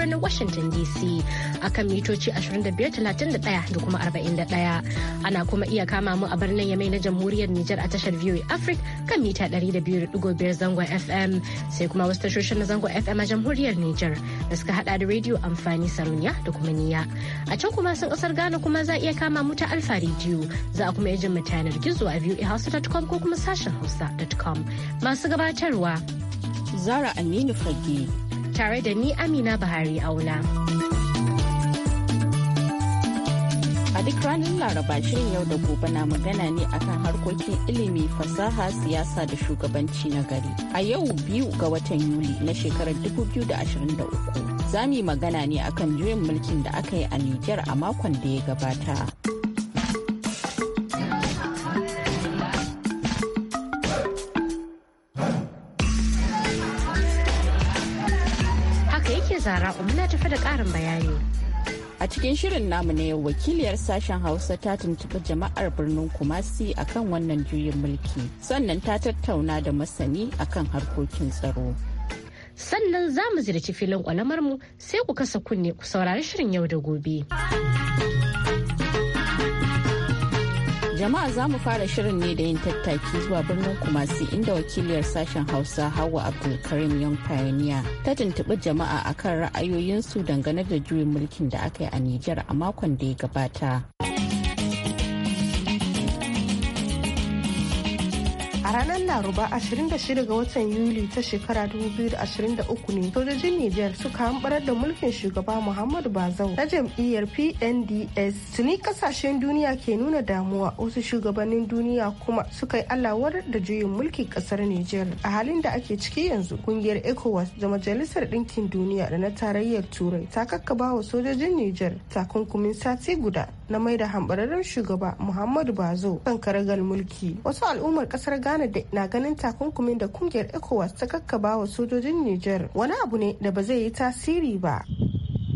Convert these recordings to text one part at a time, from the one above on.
birnin Washington DC akan mitoci 2531 da kuma 41. Ana kuma iya kama mu a birnin Yamai na Jamhuriyar Nijar a tashar VOA Africa kan mita 200.5 zangon FM sai kuma wasu tashoshin na zangon FM a Jamhuriyar Nijar da suka hada da rediyo amfani sarauniya da kuma niya. A can kuma sun kasar Ghana kuma za iya kama mu ta Alfa Radio za a kuma iya jin mutanen gizo a voahausa.com ko kuma sashen hausa.com masu gabatarwa. Zara Aminu Fage. tare da ni Amina Bahari Auna. A duk ranar Laraba shirin yau da gobe na magana ne akan harkokin ilimi, fasaha, siyasa da shugabanci na gari. A yau biyu ga watan Yuli na shekarar 2023. Za mu yi magana ne akan juyin mulkin da aka yi a Nijar a makon da ya gabata. muna tafi da ƙarin bayani. A cikin shirin namu na yau wakiliyar sashen Hausa ta tuntuɓi jama'ar birnin Kumasi akan wannan juyin mulki sannan ta tattauna da masani akan harkokin tsaro. Sannan za mu ziyarci filin mu sai ku kasa kunne ku saurari shirin yau da gobe. Jama'a za mu fara shirin ne da yin tattaki zuwa birnin Kumasi inda wakiliyar sashen Hausa Hawa Abdulkarim Young Pioneer ta tuntuɓi jama'a akan ra'ayoyinsu dangane da juyin mulkin da aka yi a Nijar a makon da ya gabata. laraba 26 ga watan yuli ta shekara 2023 ne sojojin niger suka hambarar da mulkin shugaba muhammadu bazau na jam'iyyar pnds tuni kasashen duniya ke nuna damuwa wasu shugabannin duniya kuma suka yi alawar da juyin mulkin kasar niger a halin da ake ciki yanzu kungiyar ecowas da majalisar ɗinkin duniya da na tarayyar turai ta kakkaba wa sojojin niger takunkumin sati guda na mai da hambararren shugaba muhammadu bazo kan karagal mulki wasu al'ummar kasar ghana na ganin takunkumin da kungiyar ecowas ta kakkaba wa sojojin niger wani abu ne da ba zai yi tasiri ba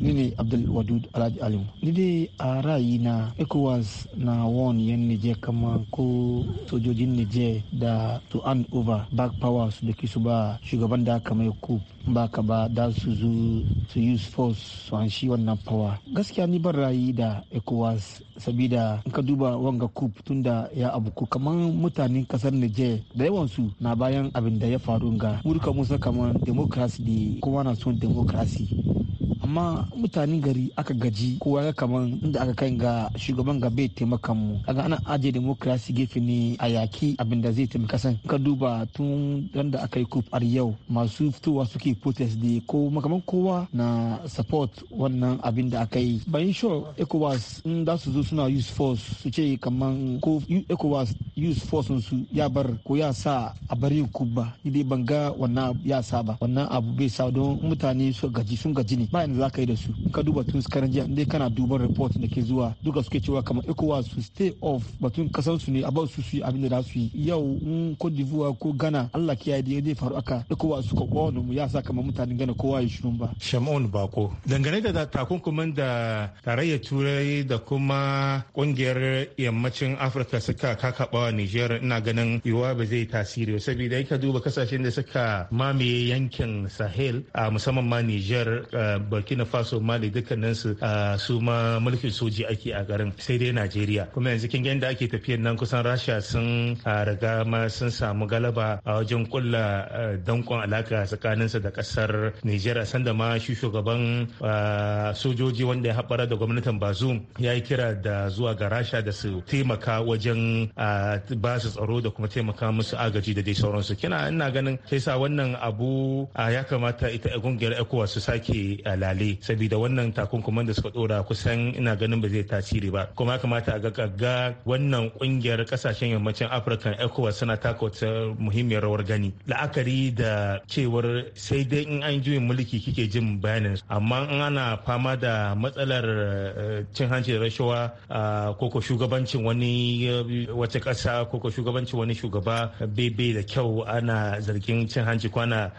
ni ne abdul wadud alhaji alimu ni dai a ra'ayi na ecowas na won yan niger kama ko sojojin niger da to hand over back powers su da su ba shugaban da aka mai ku ba ka ba da su zu su use force su an shi wannan power gaskiya ni ban rayi da ecowas sabida in ka duba wanga coup tunda ya ku kamar mutanen kasar nije da yawan su na bayan abin da ya faru ga murka musa kamar democracy da kowa na son democracy amma mutanen gari aka gaji kowa ya kaman inda aka kai ga shugaban ga bai taimaka mu kaga ana ajiye demokrasi gefe ne a yaki abin da zai taimaka san ka duba tun ran da aka yi kuf har yau masu fitowa suke protest da ko makaman kowa na support wannan abin da aka yi bayan sho ecowas in za su zo suna use force su ce kaman ko ecowas use force su ya bar ko ya sa a bari kuba ni dai ban ga wannan ya sa ba wannan abu bai sa don mutane su gaji sun gaji ne ba inda za ka yi da su ka duba tun karan jiya dai kana duban report da ke zuwa duka suke cewa kamar ecowas su stay off batun kasar su ne a ba su su yi abin da za su yi yau in cote d'ivoire ko ghana allah kiyaye da zai faru aka ecowas su ka kowane mu ya sa kamar mutanen ghana kowa ya shirin ba. sham'on bako dangane da takunkumin da tarayyar turai da kuma kungiyar yammacin afirka suka kakabawa niger ina ganin yiwuwa ba zai tasiri ba saboda ka duba kasashen da suka mamaye yankin sahel a musamman ma niger eh, burkina faso mali dukkanin su su ma mulkin soji ake a garin sai dai najeriya kuma yanzu kin yadda ake tafiyan nan kusan rasha sun riga ma sun samu galaba a wajen kulla dankon alaka tsakaninsa da kasar nigeria sanda ma shi shugaban sojoji wanda ya haɓara da gwamnatin bazum ya yi kira da zuwa ga rasha da su taimaka wajen ba su tsaro da kuma taimaka musu agaji da dai sauransu kina ina ganin sai sa wannan abu ya kamata ita kungiyar ecowas su sake lale saboda wannan takunkuman da suka dora kusan ina ganin ba zai tasiri ba kuma kamata a ga wannan kungiyar kasashen yammacin afirka ecowas suna taka wata muhimmiyar rawar gani la'akari da cewar sai dai in an juyin mulki kike jin bayanin amma in ana fama da matsalar eh, cin hanci da rashawa koko shugabancin wani eh, wata ƙasa koko shugabancin wani shugaba bebe da kyau ana zargin cin hanci kwana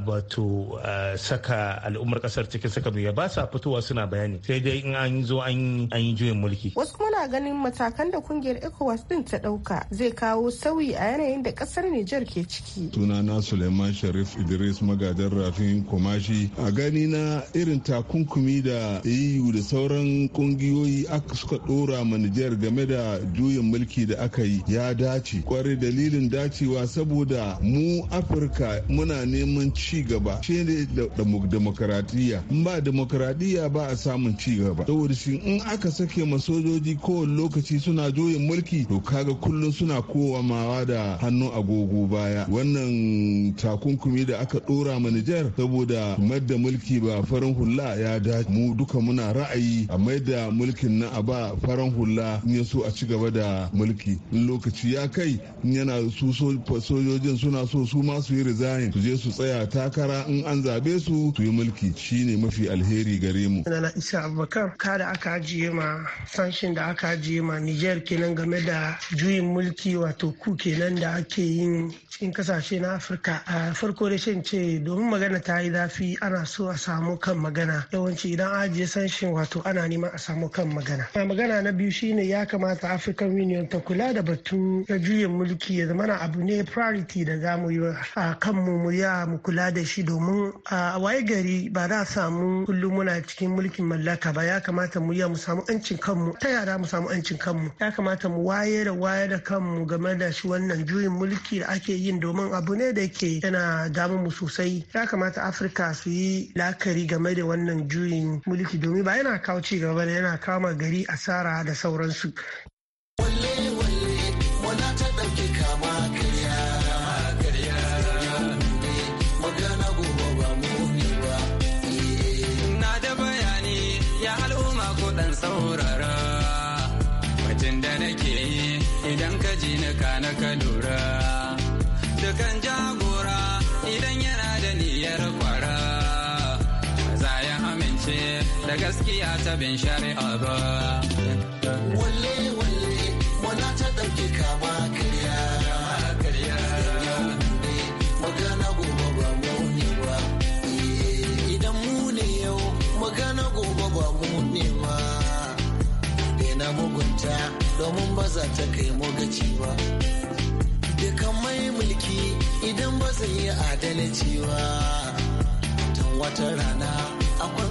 wato saka al'ummar ƙasa kasar cikin saka biyu ba sa fitowa suna bayani sai dai in an zo an yi juyin mulki wasu muna ganin matakan da kungiyar ecowas din ta dauka zai kawo sauyi a yanayin da kasar nijar ke ciki sunana suleiman sharif idris magajar rafin komashi a gani na irin takunkumi da eu da sauran kungiyoyi aka suka dora ma nijar game da juyin mulki da aka yi ya dace kwarai dalilin dacewa saboda mu afirka muna neman ci gaba shi ne da demokaratiya demokradiyya in ba demokradiyya ba a samun ci gaba saboda shi in aka sake ma sojoji kowane lokaci suna juyin mulki to kaga kullum suna kowa da hannu agogo baya wannan takunkumi da aka dora ma Nijar saboda mayar da mulki ba farin hula ya dace mu duka muna ra'ayi a maida da mulkin na a ba farin hula in ya so a ci gaba da mulki in lokaci ya kai yana su sojojin suna so su ma su yi rizayin su je su tsaya takara in an zabe su su yi mulki shi shine mafi alheri gare mu Nana isa abubakar ka da aka ajiye ma sanshin da aka ajiye ma niger kenan game da juyin mulki wato ku kenan da ake yin cikin kasashe na afirka a farko da shan ce domin magana ta yi zafi ana so a samu kan magana yawanci idan ajiye sanshin wato ana neman a samu kan magana A magana na biyu shine ya kamata african union ta kula da batu na juyin mulki ya zama abu ne priority da za mu yi a kanmu mu ya mu kula da shi domin a waye gari ba za samu kullum muna cikin mulkin mallaka ba ya kamata mu iya mu samu yancin kanmu ta yara mu samu yancin kanmu ya kamata mu waye da waye da kanmu game da shi wannan juyin mulki da ake yin domin abu ne da ke yana damun mu sosai ya kamata afirka su yi lakari game da wannan juyin mulki domin ba yana kawo ci gaba da yana kama gari asara da sauransu. da gaskiya ta bin shari'a ba. Walle walle wala ta ɗauke ka ba karya. Karya. Magana gobe ba mu ne ba. Eh, idan mu ne yau magana gobe ba mu ne ma. Ina mugunta domin ba za ta kai mu gaci ba. Dukan mai mulki idan ba zai yi adalci ba. Tun wata rana akwai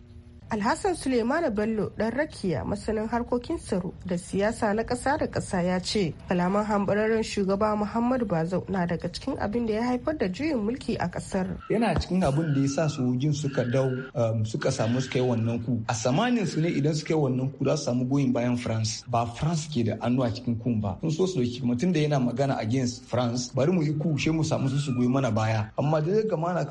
alhassan suleimana bello dan rakiya masanin harkokin tsaro da siyasa na ƙasa da ƙasa ya ce kalaman hambararren shugaba muhammadu bazau na daga cikin abin da ya haifar da juyin mulki a kasar. yana cikin abin da ya sa sojojin suka dau um, suka samu suka yi wannan ku a samanin su ne idan suka yi wannan ku za su samu goyin bayan france ba france ke da annu cikin kun ba sun so su dauki mutum da yana magana against france bari mu yi ku she mu samu su su goyi mana baya amma da zai kamana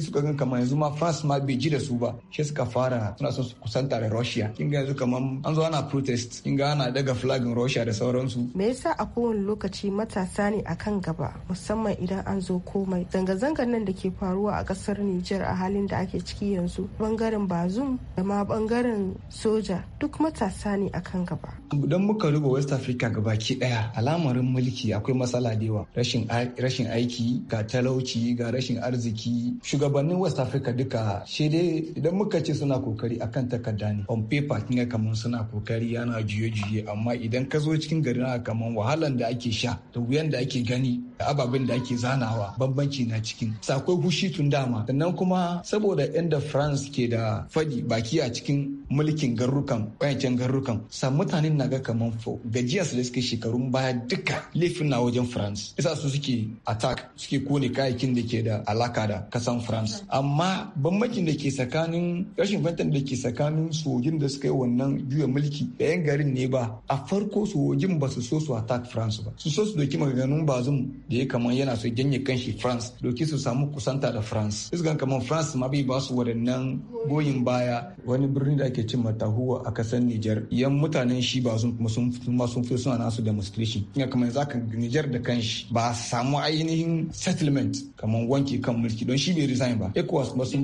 suka gan kama yanzu ma france ma bai ji da su ba shi suka fara suna son su kusanta da Russia kin ga yanzu kaman an zo ana protest kin ga ana daga flagin Russia da sauransu me yasa a kowane lokaci matasa ne akan gaba musamman idan an zo komai zanga-zangar nan da ke faruwa a kasar Niger a halin da ake ciki yanzu bangaren bazum da ma bangaren soja duk matasa ne akan gaba idan muka duba West Africa gabaki daya alamarin mulki akwai matsala da yawa rashin aiki ga talauci ga rashin arziki shugabannin West Africa duka shi dai idan muka ce suna kokari akan takarda ne on paper kin ga kamar suna kokari yana juye-juye amma idan ka zo cikin garin kamar wahalan da ake sha da wuyan da ake gani da ababen da ake zanawa bambanci na cikin sakwai hushi tun dama sannan kuma saboda inda france ke da fadi baki a cikin mulkin garrukan wayancan garrukan sa mutanen na ga kaman fo gajiya su da suke shekarun baya duka laifin na wajen france isa su suke attack suke kone kayakin da ke da alaka da kasan france amma bambancin da ke tsakanin rashin fantan da ke tsakanin sojin da suka yi wannan juya mulki da yan garin ne ba a farko sojin ba su so su attack france ba su so su doki maganganun zum. da ya kamar yana so janye kanshi France doki su samu kusanta da France isgan kamar France ma bai basu su waɗannan goyin baya wani birni da ake cin matahuwa a kasar Niger yan mutanen shi ba sun kuma sun ma sun fi suna nasu demonstration ina kamar zaka Niger da kanshi ba samu ainihin settlement kamar wanke kan mulki don shi bai resign ba ECOWAS ma sun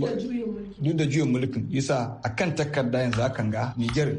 duk da juyin mulkin yasa kan takarda yanzu akan ga Niger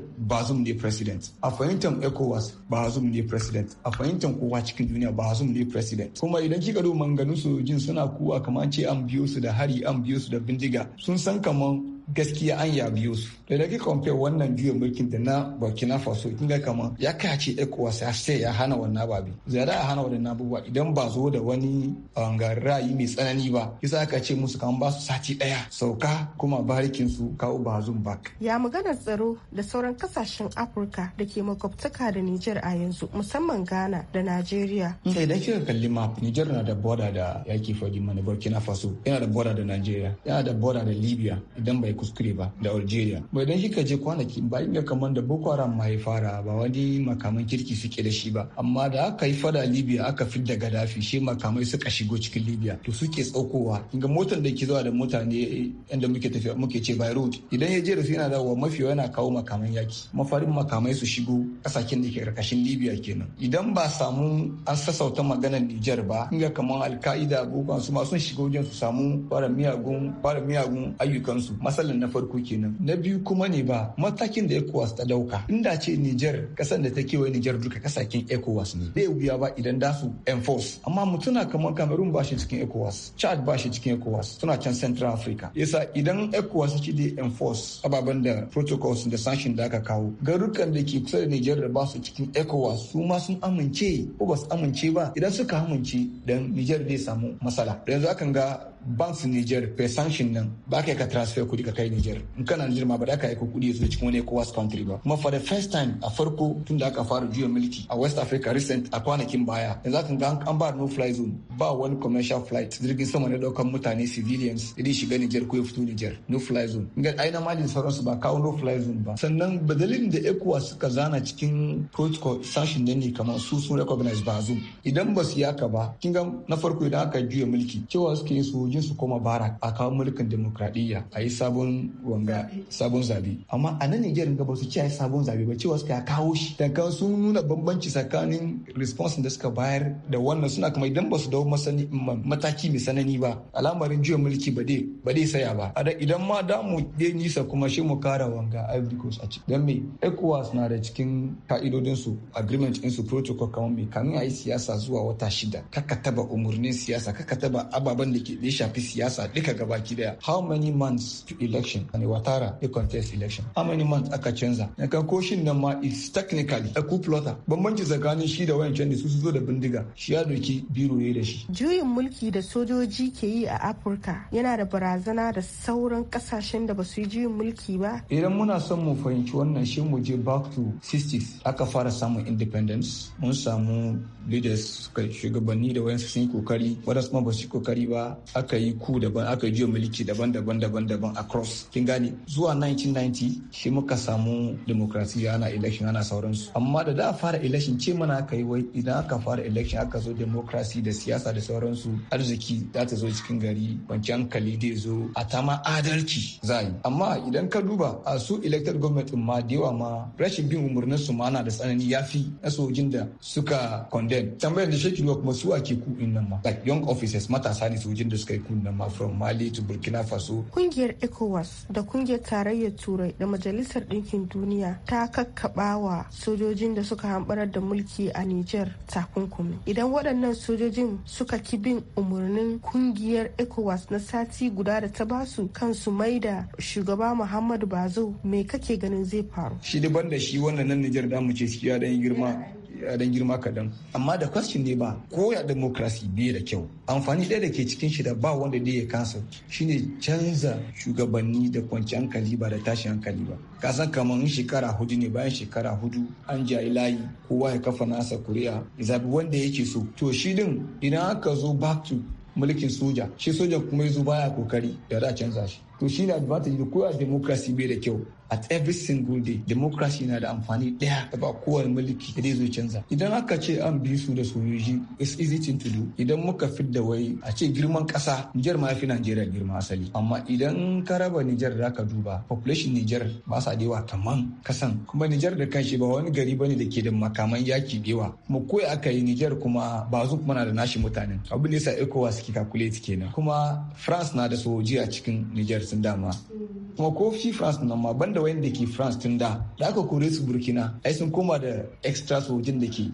zum ne president a fahimtar ECOWAS ba zum ne president a fahimtar kowa cikin duniya zum ne president kuma idan kika duba su sojin suna kuwa kamar ce an biyo su da hari an biyo su da bindiga sun san kaman gaskiya an ya biyo su da da kwamfe wannan juya mulkin da na burkina faso kin ga kama ya ce ecowas ya sai ya hana wannan babi zai da hana wannan abubuwa idan ba zo da wani um, ra'ayi mai tsanani ba yasa aka ce musu kan ba su sati daya sauka kuma barikin su kawo ba zun bak ya magana tsaro da sauran kasashen afirka da ke makwabtaka da nijar a yanzu musamman ghana da nigeria sai da kika kalli ma nijar na da boda da yaki fadi mana burkina faso yana da boda da nigeria yana da boda da libya idan bai kuskure ba da algeria bai dan shi je kwanaki ba inda kamar da boko haram ma fara ba wani makaman kirki suke da shi ba amma da aka yi fada libya aka da gadafi shi makamai suka shigo cikin libya to suke tsaukowa inga motar da ke zuwa da mutane inda muke tafiya muke ce by road idan ya je da yana dawowa mafi yana kawo makaman yaki mafarin makamai su shigo kasakin da ke karkashin libya kenan idan ba samu an sassauta maganar niger ba inga kamar alka'ida boko su ma sun shigo wajen su samu fara miyagun fara miyagun ayyukansu masal matsalar na farko kenan na biyu kuma ne ba matakin da ecowas ta dauka inda ce niger kasan da ta kewaye niger duka kasakin ecowas ne bai wuya ba idan da su enforce amma mutuna kamar cameroon ba shi cikin ecowas chad ba shi cikin ecowas suna can central africa yasa idan ecowas ce da enforce ababen da protocols da sashin da aka kawo garukan da ke kusa da niger da ba su cikin ecowas su ma sun amince ko ba su amince ba idan suka amince dan niger zai samu matsala yanzu akan ga banks niger kai sanction nan ba ka ka transfer kudi ka kai Niger in kana Niger ma ba da ka aika kudi su cikin wani ECOWAS country ba kuma for the first time a farko tun da aka fara juya mulki a West Africa recent a kwanakin baya yanzu kan ga an ba no fly zone ba wani commercial flight jirgin sama ne daukan mutane civilians idan shiga Niger ko ya fito Niger no fly zone ga aina malin sauransu ba kawo no fly zone ba sannan badalin da ECOWAS suka zana cikin protocol sashin ne ne kamar su sun recognize ba zo. idan ba su yaka ba kin ga na farko idan aka juya mulki cewa suke jin su koma barak a kawo mulkin demokradiyya a yi sabon sabon wanga sabon zabe amma a nan Nijar ga ba su sabon zabe ba cewa suka kawo shi dan kan sun nuna bambanci tsakanin response da suka bayar da wannan suna kamar idan ba su dawo mataki mai sanani ba al'amarin juya mulki ba dai ba dai saya ba A da idan ma da mu dai nisa kuma shi mu kara wanga Ivory Coast a ci don me ECOWAS na da cikin ka'idodin su agreement din su protocol kamar me kamin a yi siyasa zuwa wata shida kaka taba umarnin siyasa kaka taba ababen da ke shafi siyasa duka gabaki daya how many months election and watara ya contest election how many months aka canza na ko koshin nan ma is technically a coup plotter bambanci tsakanin shi da wayancan da su zo da bindiga shi ya doki biro ne da shi juyin mulki da sojoji ke yi a afirka yana da barazana da sauran kasashen da ba su yi juyin mulki ba idan muna son mu fahimci wannan shi mu je back to 60s aka fara samun independence mun samu leaders shugabanni da wayansu sun yi kokari wadansu ma ba su yi kokari ba aka yi ku daban aka yi juyin mulki daban-daban daban-daban a cross kin gane zuwa 1990 shi muka samu demokrasiya ana election ana sauransu amma da da fara election ce mana aka yi wai idan aka fara election aka zo demokrasi da siyasa da sauransu arziki za ta zo cikin gari kwanciyar hankali zai zo a ta ma adalci za yi amma idan ka duba a su elected government ma da yawa ma rashin bin umarnin su ma na da tsanani ya fi na sojin da suka condemn tambayar da shekiruwa kuma su ake kuɗin nan ma like young officers matasa ne sojin da suka yi ku nan ma from mali to burkina faso kungiyar eco ecowas da kungiyar tarayyar turai da majalisar ɗinkin duniya ta kakkaɓawa sojojin da suka hambarar da mulki a niger takunkumi idan waɗannan sojojin suka ki bin umarnin kungiyar ecowas na sati guda da ta basu kansu mai da shugaba muhammadu bazo me kake ganin zai faru shi daban da shi wannan nan niger da mu ce sikiya dan girma dan girma kadan amma da question ne ba ko ya demokrasi da kyau amfani ɗaya da ke cikin shi da ba wanda dai ya kasa shine canza shugabanni da kwanci hankali ba da tashi hankali ba kasan kamar shekara hudu ne bayan shekara hudu an jayi layi kowa ya kafa nasa kuri'a zabi wanda yake so to shi din idan aka zo back to mulkin soja shi soja kuma ya zo baya kokari da za a canza shi to shi ne advantage ko koya demokrasi bai da kyau at every single day democracy na da amfani daya da ba kowane mulki da zai canza idan aka ce an bi su da sojoji is easy thing to do idan muka da wai a ce girman kasa Nijar ma fi Najeriya girma asali amma idan ka raba Nijar da ka duba population Nijar ba sa dewa kaman kasan kuma Nijar da kanshi ba wani gari bane da ke da makaman yaki dewa mu ko aka yi Nijar kuma ba zu kuma na da nashi mutanen abin da yasa ECOWAS ki calculate kenan kuma France na da sojoji a cikin Nijar sun dama mm. kuma ko fi france nan ma banda wayanda ke france tun da da aka kore su burkina ai sun koma da extra sojin da ke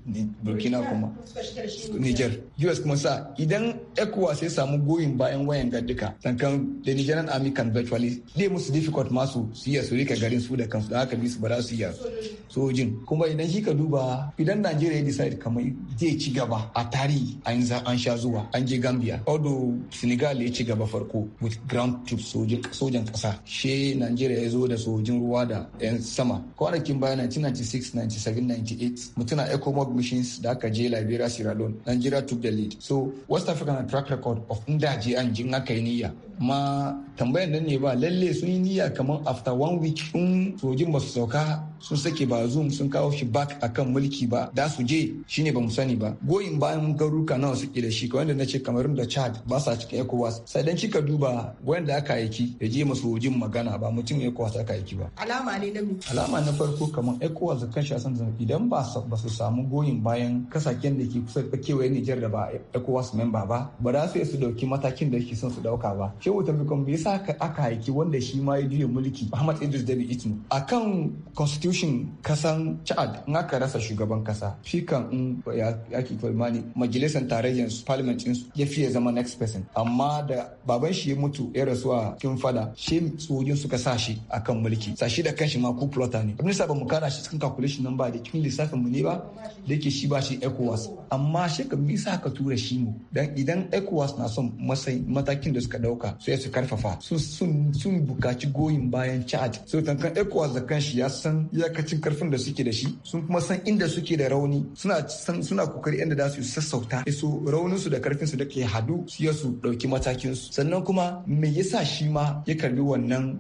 burkina kuma niger us kuma sa idan ecowa sai samu goyin bayan wayan gaddika tankan da nigerian army can virtually dey musu difficult masu su iya su rika garin su da kansu da aka bi su ba su iya sojin kuma idan shi ka duba idan nigeria ya decide kamar zai ci gaba a tarihi an sha zuwa an je gambia although senegal ya ci gaba farko with ground troops sojan kasa she Najeriya ya zo da sojin ruwa da 'yan sama. Kwanakin baya 1996, 97, 98 mutuna ECOMOG missions da aka je Liberia, Sierra Leone, Nigeria took the lead. So West Africa na track record of ndaje an jin aka yi niyya. Ma tambayan nan ne ba lalle sun yi niyya kamar after one week in sojin ba su sauka sun sake ba zoom sun kawo shi back akan mulki ba da su je shine ba mu sani ba goyin bayan garuka nawa suke da shi wanda na ce kamarun da chad ba sa cikin ecowas sai dan cika duba wanda aka aiki ya je masu jin magana ba mutum ya ecowas aka aiki ba alama ne na alama na farko kamar ecowas da kan shasan zan idan ba ba su samu goyin bayan kasaken da ke kusa da kewaye Nijar da ba ecowas member ba ba za su su dauki matakin da yake son su dauka ba shehu tafikon me yasa aka aiki wanda shi ma ya juya mulki Ahmad Idris Deby Itno akan constitution tushen kasan chad in aka rasa shugaban kasa shi kan in ya ake kwalmani majalisar tarayyar su parliament din su ya fiye zama next person amma da baban shi ya mutu ya rasu a cikin fada shi tsohon suka sa shi akan mulki sa shi da kanshi ma ku plotter ne abin ba mu kara shi cikin calculation nan ba da cikin lissafin mu ne ba da yake shi ba shi ecowas amma shi ka sa ka tura shi mu dan idan ecowas na son masai matakin da suka dauka sai su karfafa sun bukaci goyin bayan chad sautan kan ecowas da kanshi ya san iyakacin karfin da suke da shi sun kuma san inda suke da rauni suna san suna kokari inda za su sassauta su raunin su da karfin su da ke hadu su ya su dauki matakin su sannan kuma me yasa shi ma ya karbi wannan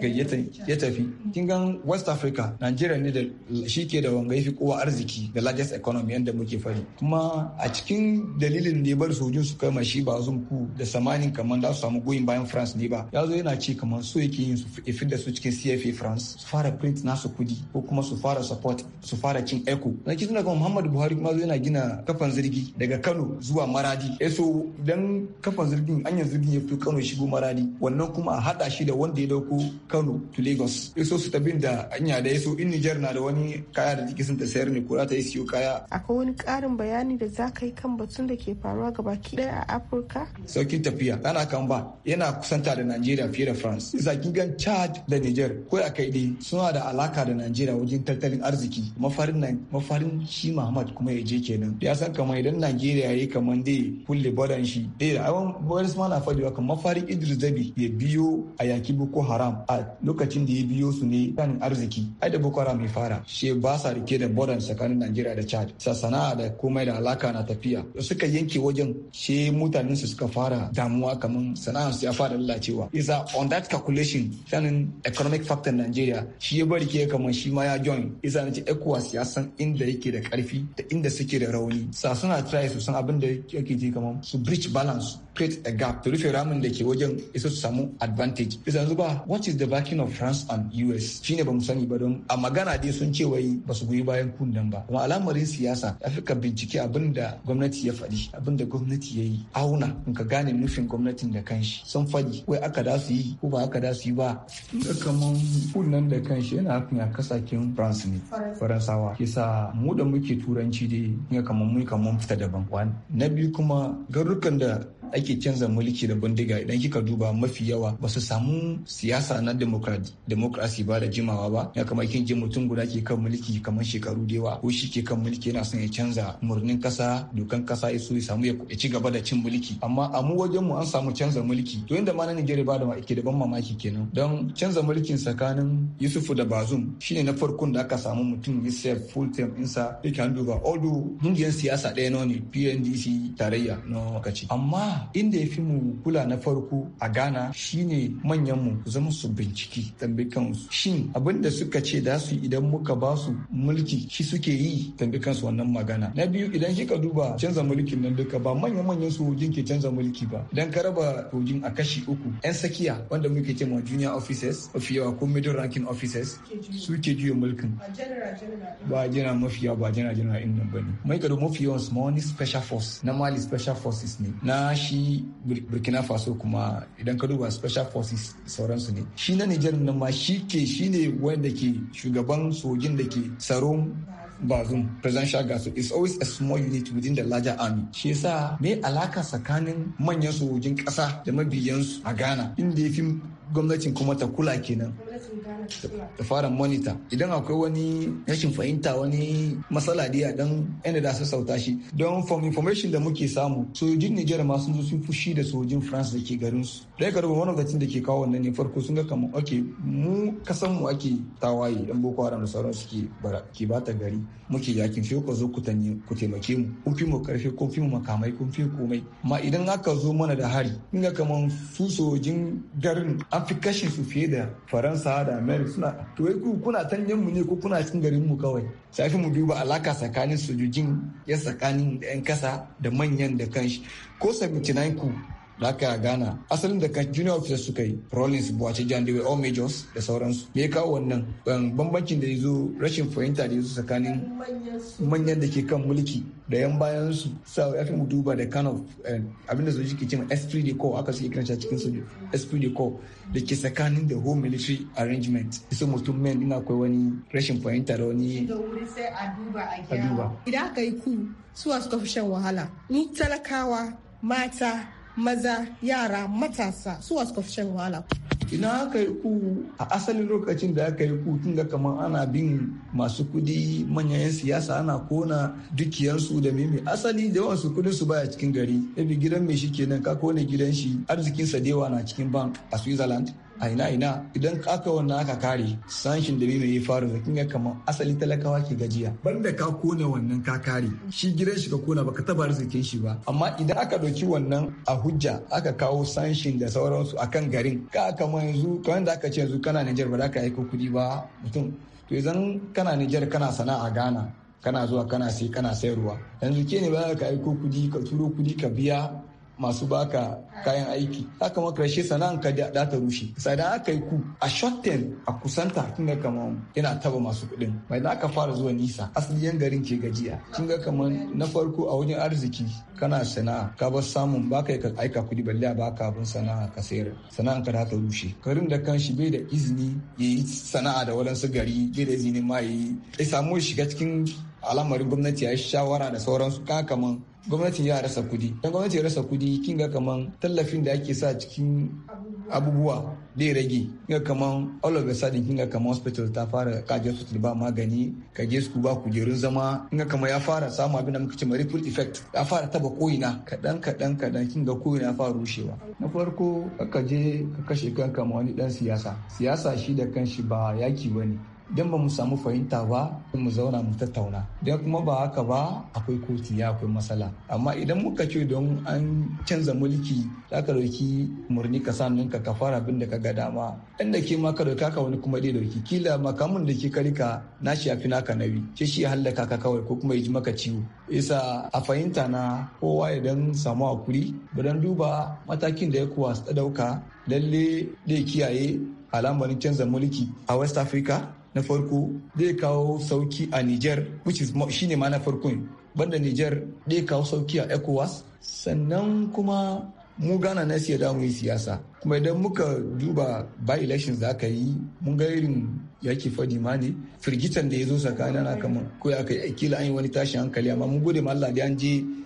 gayyata ya tafi kin gan West Africa Nigeria ne da shi ke da wanga yafi kowa arziki da largest economy yanda muke fari kuma a cikin dalilin da ya bar sojin su kai mashi ba ku da samanin kamar da su samu goyin bayan France ne ba yazo yana ce kamar so yake yin su ifi da su cikin CFA France su fara print nasu kudi zargi ko kuma su fara support su fara cin eco na kisa daga muhammadu buhari kuma yana gina kafan zirgi. daga kano zuwa maradi eh, so idan kafan zirgin anyan zirgin ya fito kano shigo maradi wannan kuma a hada shi da wanda ya dauko kano to lagos eh, so su tabin da anya da so in niger na da wani kaya da jirgi sun ta sayar ne ko za ta yi siyo kaya akwai wani karin bayani da za ka yi kan batun da ke faruwa ki daya a afirka saukin tafiya ana kan ba yana kusanta da nigeria fiye da france zakin gan chad da niger ko akai kai dai suna da alaka da Najeriya wajen tattalin arziki mafarin mafarin shi Muhammad kuma ya je kenan ya san kamar idan Najeriya yayi kamar dai kulle baran shi dai awan Boris ma na faɗiwa kan mafarin Idris Dabi ya biyo a yaki Boko Haram a lokacin da ya biyo su ne kan arziki ai da Boko Haram ya fara she ba sa rike da baran tsakanin Najeriya da Chad sa sana'a da komai da alaka na tafiya suka yanke wajen she mutanen su suka fara damuwa kamar sana'ar su ya fara lalacewa isa on that calculation sanin economic factor Najeriya shi ya bari ke kamar shima shi ma ya join isa na ce ecowas ya san inda yake da karfi da inda suke da rauni sa suna try su san abin da yake je kamar su bridge balance create a gap to rufe ramin da ke wajen isa su samu advantage bisa yanzu what is the backing of France and US shine ba mu sani ba don a magana dai sun ce wai ba su goyi bayan kundan ba kuma al'amarin siyasa Afirka bincike abin da gwamnati ya faɗi abin da gwamnati ya yi auna in ka gane nufin gwamnatin da kanshi sun faɗi wai aka da su yi ko ba aka da su yi ba da kaman nan da kanshi yana hafin a kasakin France ne Faransawa kisa mu da muke turanci dai ya kaman mu kaman fita daban na biyu kuma garurukan da ake canza mulki da bindiga idan kika duba mafi yawa ba su samu siyasa na demokrasi ba da jimawa ba ya kamar kin ji mutum guda ke kan mulki kamar shekaru da yawa ko shi ke kan mulki yana son ya canza murnin kasa dokan kasa ya so ya samu ya ci gaba da cin mulki amma a mu wajen mu an samu canza mulki to inda ma na Nigeria ba da ma ke da ban mamaki kenan don canza mulkin tsakanin Yusufu da Bazum shine na farkon da aka samu mutum ya full term insa yake an duba odu kungiyar siyasa ɗaya nawa ne PNDC tarayya na wakaci. amma inda ya fi mu kula na farko a ghana shine manyanmu zama su binciki tambi kansu shin abin da suka ce da su idan muka ba su mulki shi suke yi tambi kansu wannan magana na biyu idan kika duba canza mulkin nan duka ba manyan manyan sojojin ke canza mulki ba Dan ka raba sojin a kashi uku yan sakiya wanda muke ce ma junior officers mafi yawa ko middle ranking officers suke juya mulkin ba jira mafi yawa ba jira jira inda bane mai gado mafi yawan ma wani special force na mali special forces ne na shi shi burkina faso kuma idan ka duba special forces sauransu ne shi na nijar nan ma shi ke shi ne wanda ke shugaban sojin da ke tsaron bazum presidential gaso is always a small unit within the larger army shi yasa me alaka tsakanin manyan sojin kasa da mabiyansu a ghana inda ya fi gwamnatin kuma ta kula kenan ta fara monitor idan akwai wani rashin fahimta wani matsala da dan yana da su sauta shi don from information da muke samu sojin nigeria ma sun zo sun fushi da sojin France da ke garin su dai karbo wani lokacin da ke kawo wannan ne farko sun ga kamar okay mu kasan mu ake tawaye dan Boko Haram da sauran suke ke bata gari muke yakin sai ku zo ku ku taimake mu ko fi mu karfe ko fi mu makamai ko fi komai ma idan aka zo mana da hari kinga kamar su sojin garin an fi kashe su fiye da Faransa da annabi suna to yi kuna tanyan mu ne ko kuna cikin garin mu kawai sai mu duba alaka tsakanin sojojin ya tsakanin yan kasa da manyan da kanshi ko 79 da a Ghana asalin da kan junior officers suka yi Rollins buwace john dewey All Majors da sauransu me ya kawo wannan bambancin da ya zo rashin fahimta da ya zo tsakanin manyan da ke kan mulki da yan bayan su sa ya fi duba da kind of eh, abin da sojoji ke cewa SPD Corps aka suke kiran cikin sojoji SPD Corps da ke tsakanin the whole military arrangement isa mutum men ina akwai wani rashin fahimta da wani a duba a idan aka yi ku suwa suka fi shan wahala mu talakawa mata maza yara matasa su wasu shan wahala ina aka yi ku a asalin lokacin da aka yi ku tun ga kamar ana bin masu kudi manyan 'yan siyasa ana kona dukiyarsu da mimi asali da yawan su kudin su baya cikin gari ebi gidan mai shi kenan ka kone gidan shi arzikin da yawa na cikin bank a switzerland a ina ina idan aka wannan aka kare sanshin da bai yi faru da kinga kamar asali talakawa ke gajiya banda ka kone wannan ka kare shi gidan shi ka kona baka taba arzikin shi ba amma idan aka dauki wannan a hujja aka kawo sanshin da sauransu a kan garin ka kamar yanzu kamar da aka ce yanzu kana Nijar, ba za ka aiko kuɗi ba mutum to idan kana Niger kana sana'a Ghana kana zuwa kana sai kana sayarwa yanzu ke ne ba ka aiko kuɗi ka turo kuɗi ka biya masu baka kayan aiki haka ma karshe sana'an ka da ta rushe sadan aka yi ku a short term a kusanta kin ga kaman yana taba masu kuɗin Mai da aka fara zuwa nisa asali garin ke gajiya kin ga kaman na farko a wajen arziki kana sana'a ka bar samun baka ka aika kuɗi balle ba ka abin sana'a ka sayar sana'an ka da ta rushe Karin da kanshi bai da izini yayi sana'a da wadansu gari bai da izinin ma yayi ya samu shiga cikin al'amarin gwamnati ya shawara da sauransu kakaman gwamnatin ya rasa kudi don gwamnati ya rasa kudi kin ga kaman tallafin da ake sa cikin abubuwa zai rage kin ga kaman all of a sudden kin ga kaman hospital ta fara kaje hospital ba magani kaje su ba kujerun zama kin ga kaman ya fara samu abin da muka ce ripple effect ya fara taba koina kadan kadan kadan kin ga koina ya fara rushewa na farko ka je ka kashe kanka ma wani dan siyasa siyasa shi da kanshi ba yaki bane don ba mu samu fahimta ba mu zauna mu tattauna don kuma ba haka ba akwai kotu ya akwai matsala amma idan muka ce don an canza mulki za ka dauki murni ka sa ka ka fara abin da ka ga dama da ke ma ka dauka ka wani kuma dai dauki kila makamun da ke karika na shi yafi naka nawi ce shi hallaka ka kawai ko kuma ya ji maka ciwo isa a fahimta na kowa idan samu hakuri badan duba matakin da ya kuwa su ɗauka lalle zai kiyaye alamarin canza mulki a west africa na farko zai kawo sauki a niger which is shine ma na farkon banda niger zai kawo sauki a ecowas sannan kuma mu gana na siya damu yi siyasa kuma idan muka duba by elections da aka yi mun ga irin yaki fadi ma ne firgitan da ya zo tsakanin na kamar ko ya kai kila an yi wani tashin hankali amma mun gode ma Allah da an je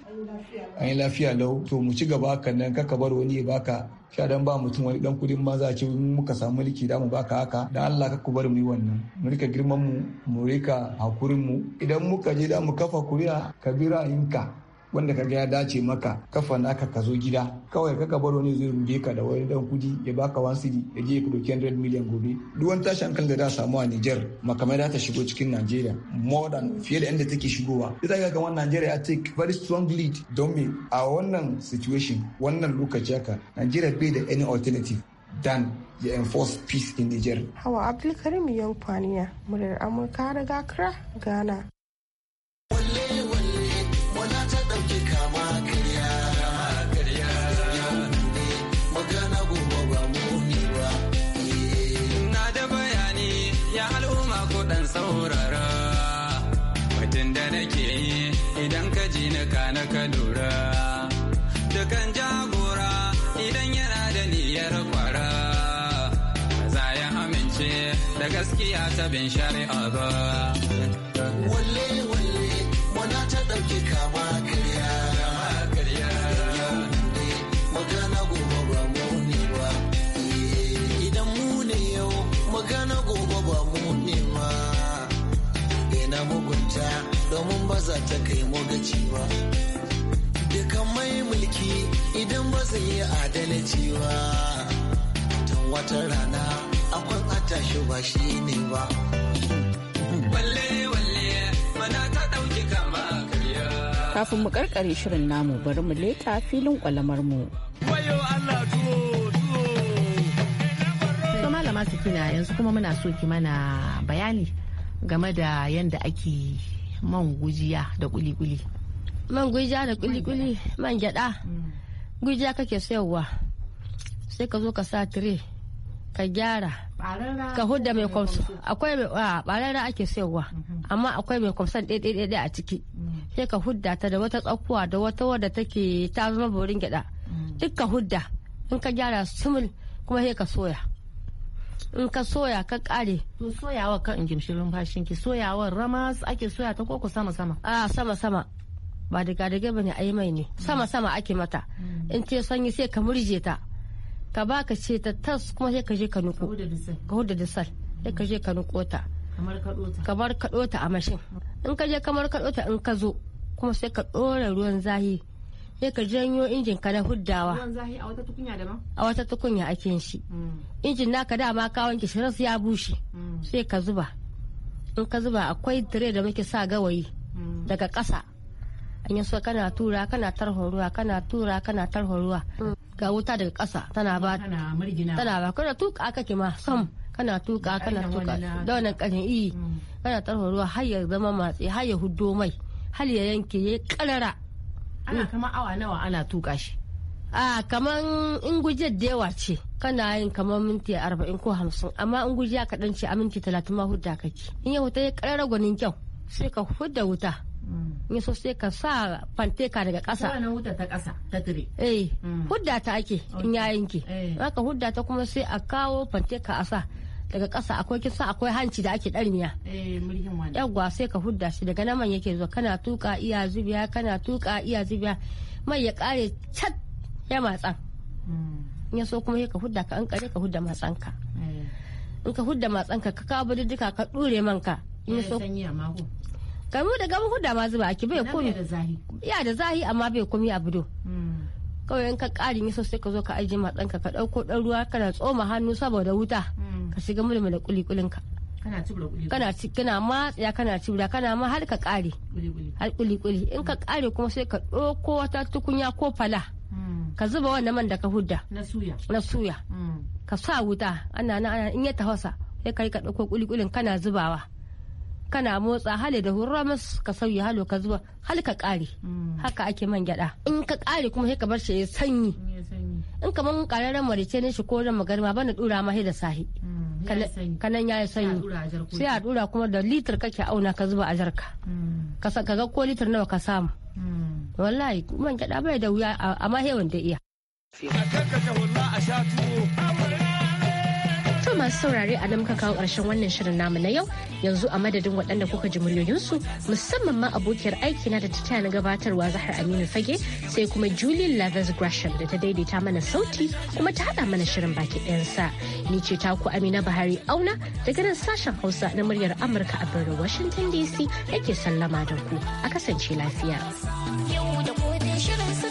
an yi lafiya lau to mu ci gaba ka nan kaka bar wani ya baka sha dan ba mutum wani dan kudin ma za ce muka samu mulki da mu baka haka dan Allah ka ku bar mu yi wannan mu rika girman mu mu rika hakurin mu idan muka je da mu kafa kuriya kabira inka wanda ka ga ya dace maka kafa naka ka zo gida kawai kaka baro ne zai rude ka da wani dan kudi ya baka wan city ya je ka doki 100 million gobe duk wani tashin hankali da za samu a Niger makamai za ta shigo cikin nigeria more than fiye da inda take shigowa ita ga wannan nigeria ya take very strong lead don me a wannan situation wannan lokaci haka Najeriya bai da any alternative than ya enforce peace in Niger. Hawa Abdulkarim Yankwaniya, muryar Amurka daga Accra, Ghana. da gaskiya ta bin shari'a ba. Walle walle wana ta ɗauki kama karya. Eh, magana gobe ba mu ne ba. Eh, idan mu yau magana gobe ba mu ne ma. Ina mugunta domin ba za ta kai mu gaci ba. Dukan mai mulki idan ba zai yi adalci ba. Tun wata rana ta shi ba shi ne ba. Walle walle mana ta ɗauki kama karya. Kafin mu karkare shirin namu bari mu leta filin kwalamar mu. Wayo Allah tuwo tuwo. To malama kina yanzu kuma muna so ki mana bayani game da yanda ake man gujiya da kuli-kuli. Man gujiya da kuli-kuli man gyaɗa. Mm. Gujiya kake sayarwa. Sai ka zo ka sa tire ka gyara ka hudda mai kwamsa akwai ah, barara ake sayarwa mhm. amma akwai mai kwamson ɗaiɗaiɗaiɗai a ciki mm. sai ka hudda ta da wata tsakuwa da wata wadda take ta zama borin gyaɗa mm. duk ka hudda in ka gyara sumul kuma sai ka soya in ka soya ka kare to soyawa kan in gimshi lumfashin ki soyawar rama ake soya ta koko sama sama a sama sama ba daga daga bane ai mai ne sama mm. sama ake mata in ce sanyi sai ka murje ta ka ba ka ce ta tas kuma sai ka je ka nuko ka huda da sal sai ka je ka nuko ta kamar ka ta a mashin in ka je kamar ka ta in ka zo kuma sai ka ɗora ruwan zahi sai ka janyo injin ka na huddawa a wata tukunya ake yin shi hmm. injin naka dama ka wanke shi ya bushe hmm. sai ka zuba in ka zuba akwai tire da muke sa gawayi hmm. daga ƙasa an yi so kana tura kana tarho ruwa kana tura kana tarho ruwa ga wuta daga ƙasa tana ba tana ba kana tuka kake ma sam kana tuka kana tuka da wannan kanin iyi mm. kana tarho ruwa har ya zama matsi har ya huddo mai har ya yanke ya karara ana mm. kama awa nawa ana tuka shi a kaman in gujiyar da yawa ce kana yin kaman minti arba'in ko hamsin amma in gujiya kaɗan ce a minti talatin ma hudda kake in ya wuta ya karara gwanin kyau sai ka hudda wuta Mm. in so sai ka sa fanteka daga kasa wannan wuta ta kasa ta tire eh mm. hudda ta ake in ya yanke haka eh. hudda ta kuma sai a kawo fanteka a sa daga kasa akwai kisa akwai hanci da ake eh, wani yawwa sai ka hudda shi daga naman yake zuwa kana tuka iya zubiya kana tuka iya zubiya mai ya kare cat ya matsan mm. in ya so kuma sai ka hudda ka an kare ka hudda matsanka eh. in ka hudda matsanka ka kawo duka ka ɗure manka in so kamu da gaba huda ma zuba ake bai komi ya da zahi amma bai komi a bido hmm. kawai in ka ƙarin yi sosai ka zo ka ajiye ma ɗanka ka ɗauko ɗan ruwa kana tsoma hannu saboda wuta hmm. ka shiga mulmi da kulikulin ka kana ci kana matsaya kana cibra kana ma har ka kare har kulikuli in ka kare kuma sai ka ɗauko wata tukunya ko fala hmm. ka zuba wannan man da ka hudda na suya ka sa wuta ana na ana in ya tafasa sai ka yi ka ɗauko kulikulin kana zubawa kana motsa hali da hurra masu ka sauya halo ka zuwa hali ka kare mm. haka ake man gyada in ka kare kuma sai ka bar shi ya sanyi in ka kaman kararren marice ne shi ko ran magarma bana dura ma da sahi mm, kanan ya yi sanyi sai a dura kuma da litir kake auna ka zuba a jarka mm. ka ga ko litir nawa ka samu wallahi man gyada bai da wuya amma hewan da iya a a sha tuwo To masu saurare a nan muka kawo ƙarshen wannan shirin namu na yau yanzu a madadin waɗanda kuka ji muryoyinsu musamman ma abokiyar aiki na da ta na gabatarwa Zahar Aminu Fage sai kuma julian Lathers Gresham da ta daidaita mana sauti kuma ta haɗa mana shirin baki ɗayansa. Ni ce ta ku Amina Bahari Auna daga nan sashen Hausa na muryar Amurka a birnin Washington DC yake sallama da ku a kasance lafiya. Yau da shirin su